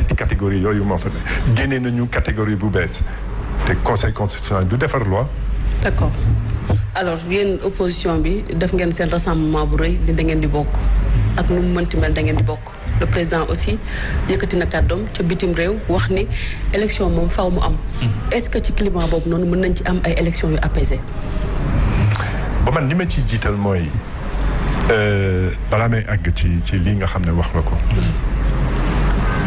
ñeenti catégorie yooyu ma fa ne génnee nañu catégorie bu bees té conseil constitutionnel du defar loi. d'accord alors yéen opposition bi def ngeen seen rassemblement bu reuy di da ngeen di bokk ak nu mu mënti mel da ngeen di bokk le président aussi yëkkati na kaddom ca bitim réew wax ni élection mom faaw mu am. Hmm. est-ce que ci climat bobu nonu mën nañ ci am ay élections yu apaisé ba man ni ma ci jital moy euh may àgg ci ci li nga xamné wax nga ko. Hmm.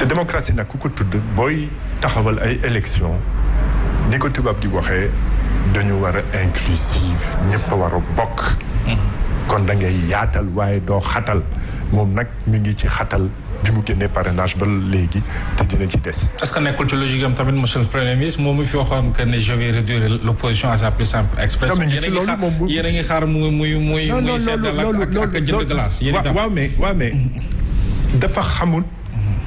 te démocratie nak ku ko tudd boy taxawal ay élection ni ko tubaab di waxé dañu wara inclusive ñepp a bok kon da ngay yaatal waaye do xatal mom nak mi ngi ci xatal bi mu génnee parrainage ba légui té dina ci dess est-ce que nekkul ci logique am tamit monsieur le premier ministre moom fi waxam que ne je vais réduire l'opposition à sa plus simple expression. yéen a ngi xaar muy muy muy muy seddal ak ak jënd glace. wa mais wa mais dafa xamul.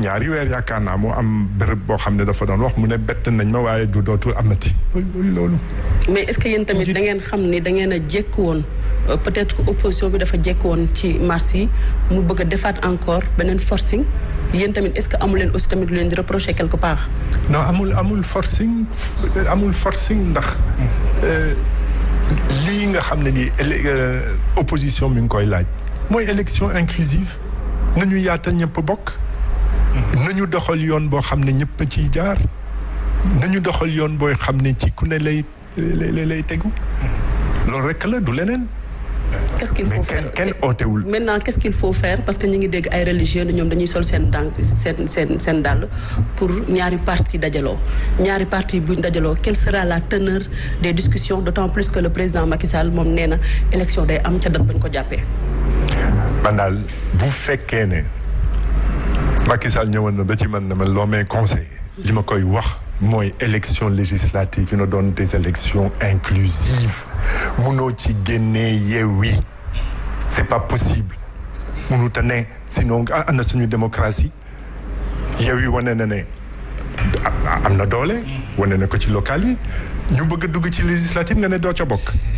ñaari weer yaakaar naa mu am béréb boo xam ne dafa doon wax mu ne bett nañ ma waaye du dootul amati loolu. mais est-ce que yéen tamit da ngeen xam ne da ngeen a jékki woon euh, peut-être que opposition bi dafa jékki woon ci mars yi mu bëgg a defaat encore beneen forcing yéen tamit est-ce que amu leen aussi tamit lu leen di reprocher quelque part. non amul amul forcing amul forcing ndax. Euh, lii nga xam ne nii euh, opposition mi ngi koy laaj. mooy élection inclusive nañu yaatal ñëpp bokk nañu doxal yoon boo xam ne ñëpp a jaar nañu doxal yoon booy xam ne ci ku ne lay lay lay tegu loolu rek la du leneen. qu'est-ce qu'il faut faire maintenant qu'est-ce qu'il faut faire parce que ñu ngi dégg ay religieux ñoom dañuy sol seen dànk seen seen seen dàll pour ñaari parti dajaloo ñaari parti buñ dajaloo quelle sera la teneur des discussions d'autant plus que le président Macky Sall moom nee na élection day am ca date bañ ko jàppee man daal bu fekkee ne Macky Sall na ba ci man na ma loo may conseil li ma koy wax moy élection législative ñu donne des élections inclusives munoo ci génnee Yewwi c'est pas possible mënut a sinon ana suñu démocratie Yewwi wane na né am na doolé woné na ko ci local yi ñu bëgg dugg ci législative né ne doo ca bokk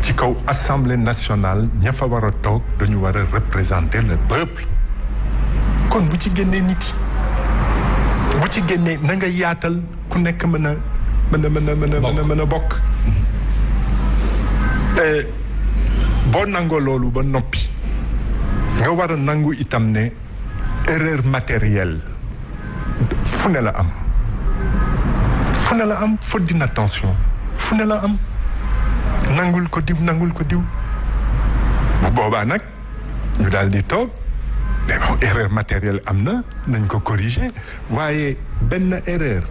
Si assemblée nationale ña fa pas représenter le peuple kon bu ci nit yi bu ci erreur matérielle fu am am nangul ko diw nangul ko diw bu boobaa nag ñu daal di toog mais bon erreur matérielle am na nañ ko corriger waaye benn erreur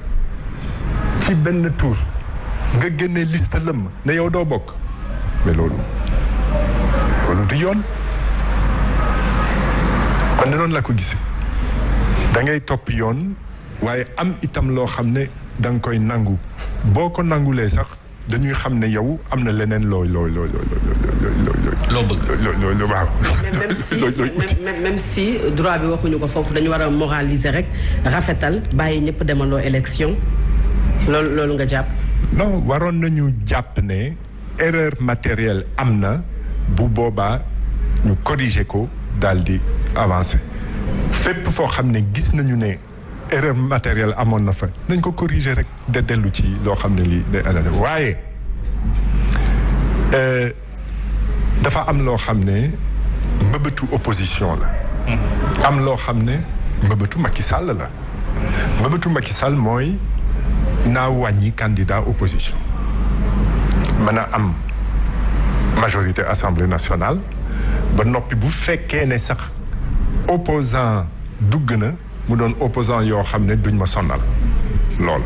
ci benn tour nga génne liste lëmm ne yow doo bokk mais loolu loolu du yoon man da noonu la ko gisee da topp yoon waaye am itam loo xam ne danga koy nangu boo ko nangulee sax dañuy xam ne yow am na leneen looy looy looy looy loo bëgg loo waaw même si droit bi waxuñu ko foofu dañu war a moraliser rek rafetal bàyyi ñëpp demandoo élection loolu loolu nga jàpp non waroon nañu jàpp ne erreur matérielle am na bu boobaa ñu corriger ko daal di avancer fépp foo xam ne gis nañu ne erreur matérielle amoon na fa nañ ko corriger rek de delu ci lo xamné li lii day adapté euh dafa am lo xamné ne opposition la. Mm-hmm. am lo xamné ne Macky Sall la. mbëbëtu Macky Sall moy na wàññi candidat opposition Mana am majorité assemblée nationale ba nopi bu fekkee né sax opposant dugna moun an opozan yo hamne doun monson al. Lol.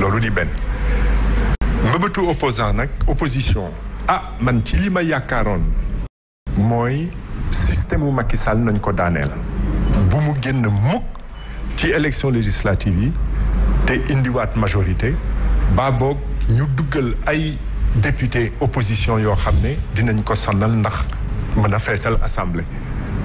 Lol ou li ben. Mwen betou opozan ak, opozisyon, a, man tili maya karon, moun, sistemu makisal noun kodanel. Bou moun genne mouk ti eleksyon legislativi, te indiwat majorite, babok, nyou dugel ay depute opozisyon yo hamne, doun monson al, moun an fresel asambleye.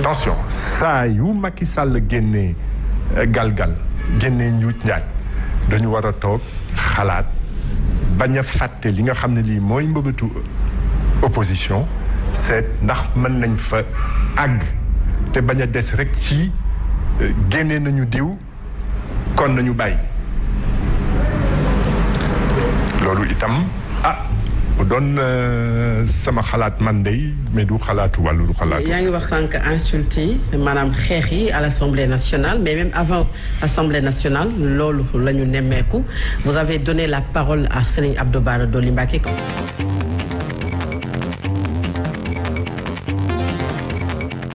attention y est, Macky Sall génnee euh, galgal génnee njuuj de dañu Khalat, Banya toog xalaat bañ li opposition c'est ndax ag, nañ te banya Desrekti, des rek ci euh, génnee nañu diw kon nañu itam ah bu euh, sama xalaat man de mais du xalaatu walu du xalaatu. yaa ngi wax sànq insulte yi maanaam xeex yi à l' assemblée nationale mais même avant assemblée nationale loolu la ñu nemmeeku vous avez donné la parole à Serigne Abdou Bara Dolly